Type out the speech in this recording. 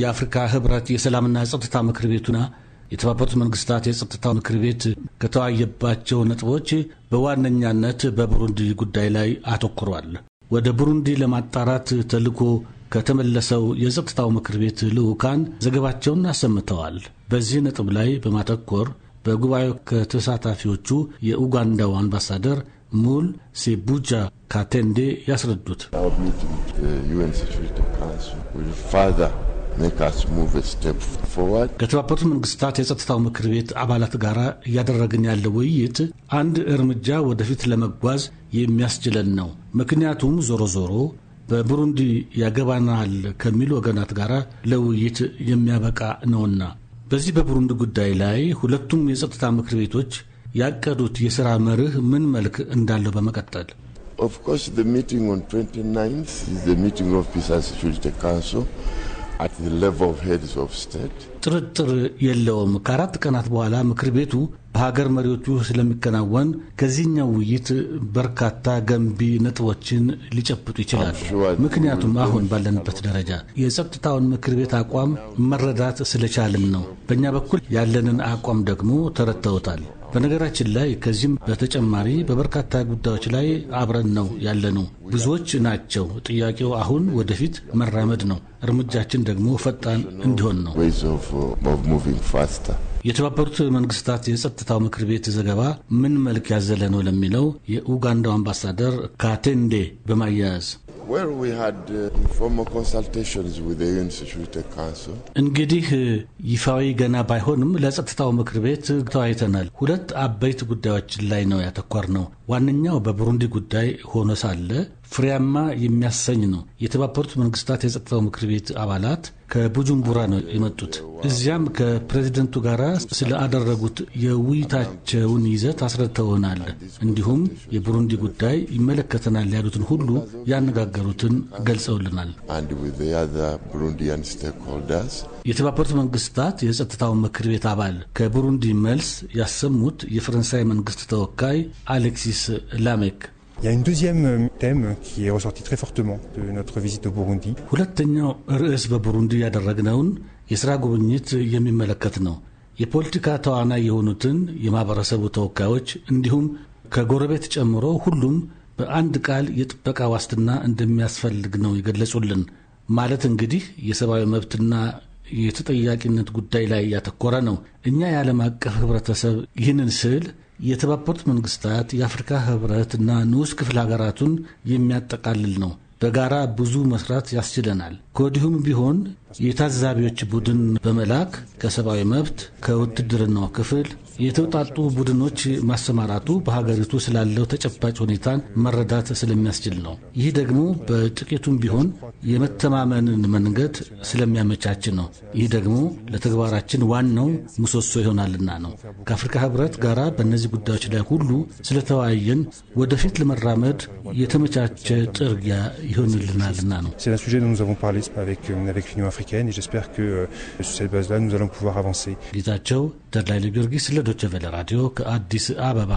የአፍሪካ ህብረት የሰላምና የጸጥታ ምክር ቤቱና የተባበሩት መንግስታት የጸጥታ ምክር ቤት ከተወያየባቸው ነጥቦች በዋነኛነት በቡሩንዲ ጉዳይ ላይ አተኩሯል። ወደ ቡሩንዲ ለማጣራት ተልኮ ከተመለሰው የጸጥታው ምክር ቤት ልዑካን ዘገባቸውን አሰምተዋል። በዚህ ነጥብ ላይ በማተኮር በጉባኤው ከተሳታፊዎቹ የኡጋንዳው አምባሳደር ሙል ሴቡጃ ካቴንዴ ያስረዱት ከተባበሩት መንግስታት የጸጥታው ምክር ቤት አባላት ጋር እያደረግን ያለው ውይይት አንድ እርምጃ ወደፊት ለመጓዝ የሚያስችለን ነው። ምክንያቱም ዞሮ ዞሮ በቡሩንዲ ያገባናል ከሚሉ ወገናት ጋር ለውይይት የሚያበቃ ነውና በዚህ በቡሩንዲ ጉዳይ ላይ ሁለቱም የጸጥታ ምክር ቤቶች ያቀዱት የሥራ መርህ ምን መልክ እንዳለው በመቀጠል ኦፍ ኮርስ ሚቲንግ ኦን 29 ሚቲንግ ኦፍ ፒስ አንድ ሴኪዩሪቲ ካውንስል ጥርጥር የለውም ከአራት ቀናት በኋላ ምክር ቤቱ በሀገር መሪዎቹ ስለሚከናወን ከዚህኛው ውይይት በርካታ ገንቢ ነጥቦችን ሊጨብጡ ይችላሉ። ምክንያቱም አሁን ባለንበት ደረጃ የጸጥታውን ምክር ቤት አቋም መረዳት ስለቻልን ነው። በእኛ በኩል ያለንን አቋም ደግሞ ተረድተውታል። በነገራችን ላይ ከዚህም በተጨማሪ በበርካታ ጉዳዮች ላይ አብረን ነው ያለነው። ብዙዎች ናቸው። ጥያቄው አሁን ወደፊት መራመድ ነው። እርምጃችን ደግሞ ፈጣን እንዲሆን ነው። የተባበሩት መንግስታት የጸጥታው ምክር ቤት ዘገባ ምን መልክ ያዘለ ነው ለሚለው የኡጋንዳው አምባሳደር ካቴንዴ በማያያዝ uh, እንግዲህ ይፋዊ ገና ባይሆንም ለጸጥታው ምክር ቤት ተወያይተናል። ሁለት አበይት ጉዳዮችን ላይ ነው ያተኮር ነው። ዋነኛው በቡሩንዲ ጉዳይ ሆኖ ሳለ ፍሬያማ የሚያሰኝ ነው። የተባበሩት መንግስታት የጸጥታው ምክር ቤት አባላት ከቡጁምቡራ ነው የመጡት። እዚያም ከፕሬዚደንቱ ጋር ስለአደረጉት የውይይታቸውን ይዘት አስረድተውናል። እንዲሁም የቡሩንዲ ጉዳይ ይመለከተናል ያሉትን ሁሉ ያነጋገሩትን ገልጸውልናል። የተባበሩት መንግስታት የጸጥታው ምክር ቤት አባል ከቡሩንዲ መልስ ያሰሙት የፈረንሳይ መንግስት ተወካይ አሌክሲስ ላሜክ Il y a une deuxième euh, thème qui est ressorti très fortement de notre visite au Burundi. ሁለተኛው ርዕስ በቡሩንዲ ያደረግነውን የሥራ ጉብኝት የሚመለከት ነው። የፖለቲካ ተዋናይ የሆኑትን የማህበረሰቡ ተወካዮች እንዲሁም ከጎረቤት ጨምሮ ሁሉም በአንድ ቃል የጥበቃ ዋስትና እንደሚያስፈልግ ነው የገለጹልን። ማለት እንግዲህ የሰብአዊ መብትና የተጠያቂነት ጉዳይ ላይ ያተኮረ ነው። እኛ የዓለም አቀፍ ህብረተሰብ ይህንን ስዕል የተባበሩት መንግስታት የአፍሪካ ህብረት እና ንዑስ ክፍል ሀገራቱን የሚያጠቃልል ነው። በጋራ ብዙ መስራት ያስችለናል። ከወዲሁም ቢሆን የታዛቢዎች ቡድን በመላክ ከሰብአዊ መብት፣ ከውትድርናው ክፍል፣ የተውጣጡ ቡድኖች ማሰማራቱ በሀገሪቱ ስላለው ተጨባጭ ሁኔታን መረዳት ስለሚያስችል ነው። ይህ ደግሞ በጥቂቱም ቢሆን የመተማመንን መንገድ ስለሚያመቻች ነው። ይህ ደግሞ ለተግባራችን ዋናው ምሰሶ ይሆናልና ነው። ከአፍሪካ ህብረት ጋር በእነዚህ ጉዳዮች ላይ ሁሉ ስለተወያየን ወደፊት ለመራመድ የተመቻቸ ጥርጊያ ይሆንልናልና ነው። euh, ጌታቸው ተድላይ ለጊዮርጊስ ለዶቸ ራዲዮ ከአዲስ አበባ